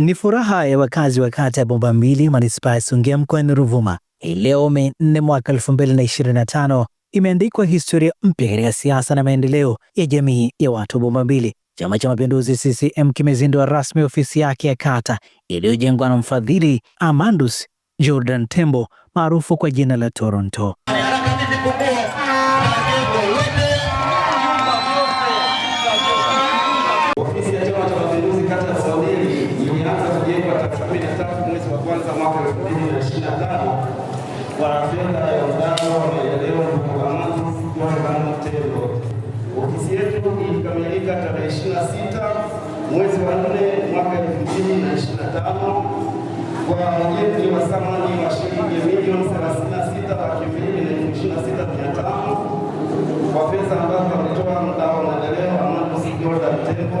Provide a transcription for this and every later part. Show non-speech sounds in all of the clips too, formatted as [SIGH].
Ni furaha ya wakazi wa kata ya bomba Mbili, manispaa ya Songea mkoani Ruvuma. Leo Mei 4 mwaka 2025 imeandikwa historia mpya katika siasa na maendeleo ya jamii ya watu wa mbili Chama cha Mapinduzi CCM kimezindua rasmi ofisi yake ya kata iliyojengwa na mfadhili Amandus Jordan Tembo maarufu kwa jina la Toronto. 13 mwezi wa kwanza mwaka 2025 wa fedha ya mgao wa maendeleo Mtego. Ofisi yetu ilikamilika tarehe 26 mwezi wa 4 mwaka 2025 kwa ujenzi wa thamani wa shilingi milioni 36 laki mbili na elfu ishirini na sita mia tano kwa fedha ambazo ametoa mgao wa maendeleo Amos Jordan Mtego,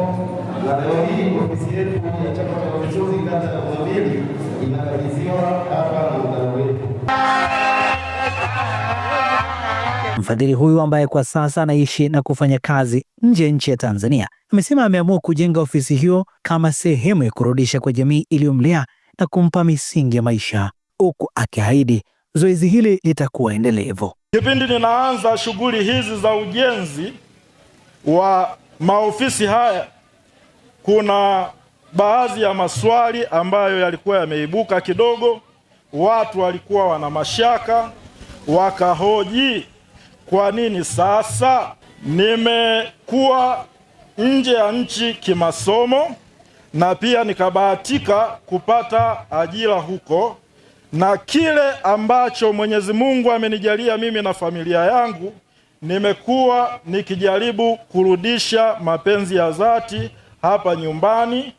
na leo hii ofisi yetu ya Chama cha Mapinduzi mbili inakabidhiwa hapa na wetu. Mfadhili huyu ambaye kwa sasa anaishi na kufanya kazi nje ya nchi ya Tanzania amesema ameamua kujenga ofisi hiyo kama sehemu ya kurudisha kwa jamii iliyomlea na kumpa misingi ya maisha, huku akiahidi zoezi hili litakuwa endelevu. Kipindi ninaanza shughuli hizi za ujenzi wa maofisi haya, kuna baadhi ya maswali ambayo yalikuwa yameibuka kidogo, watu walikuwa wana mashaka, wakahoji kwa nini sasa nimekuwa nje ya nchi kimasomo na pia nikabahatika kupata ajira huko, na kile ambacho Mwenyezi Mungu amenijalia mimi na familia yangu, nimekuwa nikijaribu kurudisha mapenzi ya dhati hapa nyumbani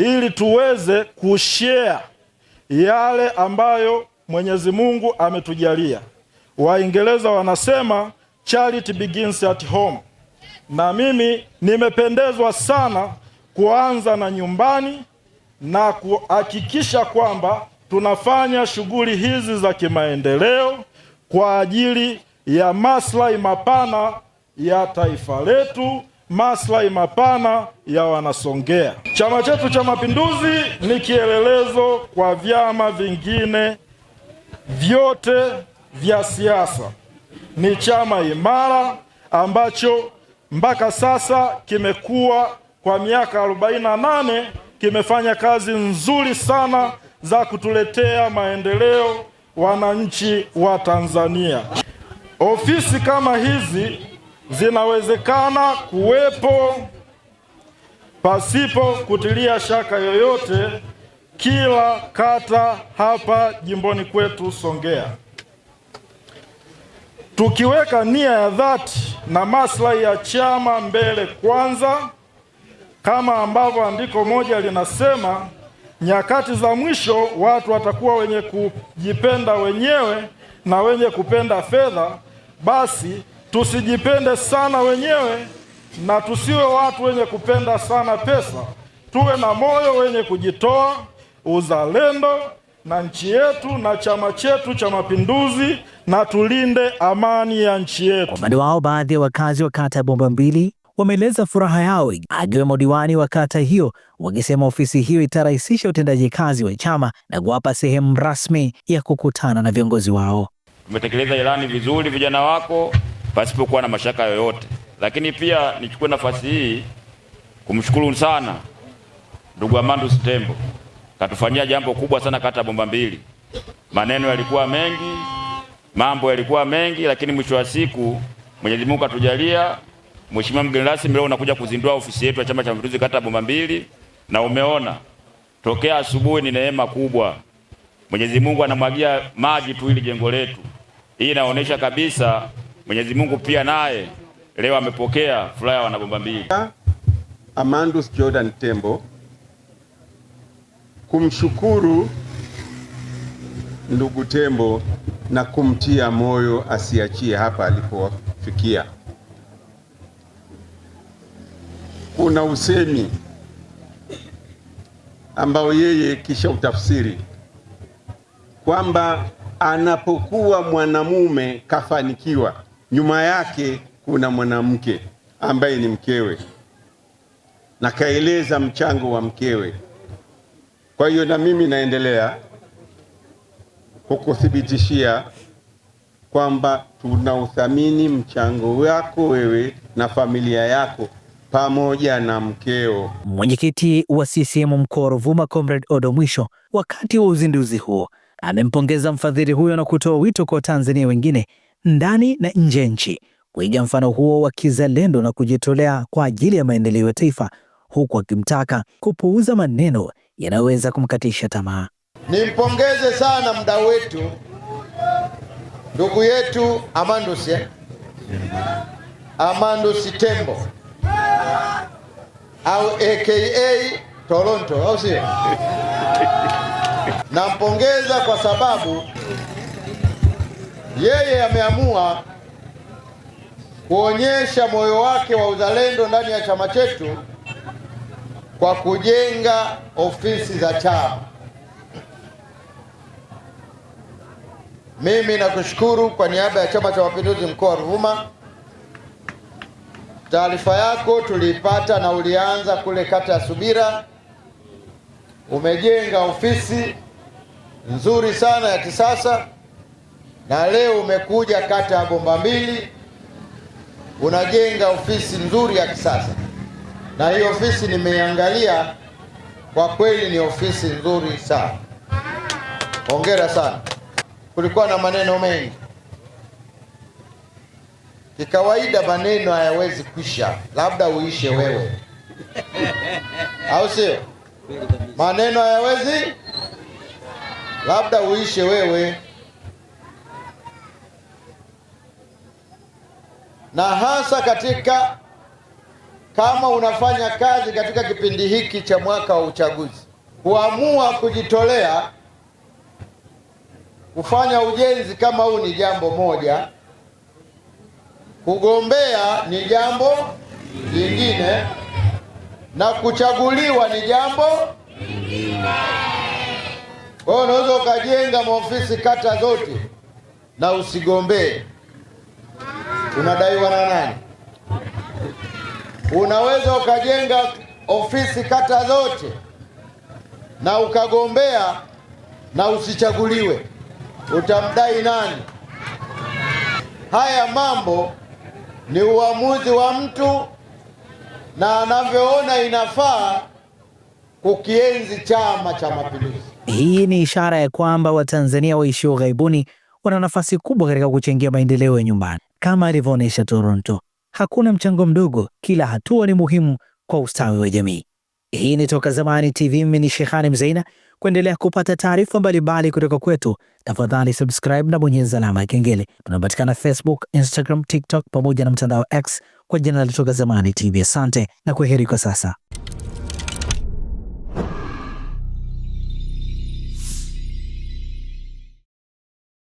ili tuweze kushare yale ambayo Mwenyezi Mungu ametujalia. Waingereza wanasema charity begins at home, na mimi nimependezwa sana kuanza na nyumbani na kuhakikisha kwamba tunafanya shughuli hizi za kimaendeleo kwa ajili ya maslahi mapana ya taifa letu maslahi mapana ya Wanasongea. Chama chetu cha Mapinduzi ni kielelezo kwa vyama vingine vyote vya siasa. Ni chama imara ambacho mpaka sasa kimekuwa kwa miaka 48 kimefanya kazi nzuri sana za kutuletea maendeleo wananchi wa Tanzania. Ofisi kama hizi zinawezekana kuwepo pasipo kutilia shaka yoyote kila kata hapa jimboni kwetu Songea, tukiweka nia ya dhati na maslahi ya chama mbele kwanza, kama ambavyo andiko moja linasema, nyakati za mwisho watu watakuwa wenye kujipenda wenyewe na wenye kupenda fedha, basi Tusijipende sana wenyewe na tusiwe watu wenye kupenda sana pesa. Tuwe na moyo wenye kujitoa, uzalendo na nchi yetu na chama chetu cha Mapinduzi, na tulinde amani ya nchi yetu. Kwa upande wao, baadhi ya wakazi wa kata ya Bomba Mbili wameeleza furaha yao, akiwemo diwani wa kata hiyo, wakisema ofisi hiyo itarahisisha utendaji kazi wa chama na kuwapa sehemu rasmi ya kukutana na viongozi wao. Tumetekeleza ilani vizuri, vijana wako pasipokuwa na mashaka yoyote. Lakini pia nichukue nafasi hii kumshukuru sana ndugu Amandus Tembo, katufanyia jambo kubwa sana kata bomba mbili. Maneno yalikuwa mengi, mambo yalikuwa mengi, lakini mwisho wa siku Mwenyezi Mungu katujalia. Mheshimiwa mgeni rasmi, leo unakuja kuzindua ofisi yetu ya Chama cha Mapinduzi kata bomba mbili, na umeona tokea asubuhi ni neema kubwa. Mwenyezi Mungu anamwagia maji tu ili jengo letu. Hii inaonyesha kabisa Mwenyezi Mungu pia naye leo amepokea furaha ya wanabomba mbili. Amandus Jordan Tembo kumshukuru ndugu Tembo na kumtia moyo asiachie hapa alipofikia. Kuna usemi ambao yeye kisha utafsiri kwamba anapokuwa mwanamume kafanikiwa nyuma yake kuna mwanamke ambaye ni mkewe na kaeleza mchango wa mkewe. Kwa hiyo na mimi naendelea kukuthibitishia kwamba tunauthamini mchango wako wewe na familia yako pamoja na mkeo. Mwenyekiti wa CCM mkoa wa Ruvuma, Comrade Odo Mwisho, wakati wa uzinduzi huo amempongeza mfadhili huyo na kutoa wito kwa Watanzania wengine ndani na nje ya nchi kuiga mfano huo wa kizalendo na kujitolea kwa ajili ya maendeleo ya taifa, huku akimtaka kupuuza maneno yanayoweza kumkatisha tamaa. Nimpongeze sana mdau wetu ndugu yetu Amandus Amandus Tembo au aka Toronto au sio? Nampongeza kwa sababu yeye ameamua kuonyesha moyo wake wa uzalendo ndani ya chama chetu kwa kujenga ofisi za chama. Mimi nakushukuru kwa niaba ya Chama cha Mapinduzi mkoa wa Ruvuma. Taarifa yako tuliipata na ulianza kule kata ya Subira, umejenga ofisi nzuri sana ya kisasa na leo umekuja kata ya Bomba Mbili, unajenga ofisi nzuri ya kisasa, na hiyo ofisi nimeiangalia, kwa kweli ni ofisi nzuri sana. Hongera sana. Kulikuwa na maneno mengi kikawaida, maneno hayawezi kwisha, labda uishe wewe, [LAUGHS] au sio? Maneno hayawezi labda uishe wewe. na hasa katika kama unafanya kazi katika kipindi hiki cha mwaka wa uchaguzi, kuamua kujitolea kufanya ujenzi kama huu ni jambo moja, kugombea ni jambo lingine, na kuchaguliwa ni jambo lingine. Kwa hiyo unaweza ukajenga maofisi kata zote na usigombee unadaiwa na nani? Unaweza ukajenga ofisi kata zote na ukagombea na usichaguliwe, utamdai nani? Haya mambo ni uamuzi wa mtu na anavyoona inafaa kukienzi Chama cha Mapinduzi. Hii ni ishara ya kwamba Watanzania waishio ghaibuni wana nafasi kubwa katika kuchangia maendeleo ya nyumbani kama alivyoonyesha Toronto. Hakuna mchango mdogo, kila hatua ni muhimu kwa ustawi wa jamii. Hii ni Toka Zamani TV, mimi ni Shehani mzeina Kuendelea kupata taarifa mbalimbali kutoka kwetu, tafadhali subscribe na bonyeza alama ya kengele. Tunapatikana Facebook, Instagram, TikTok pamoja na mtandao X kwa jina la Toka Zamani TV. Asante na kwaheri kwa sasa.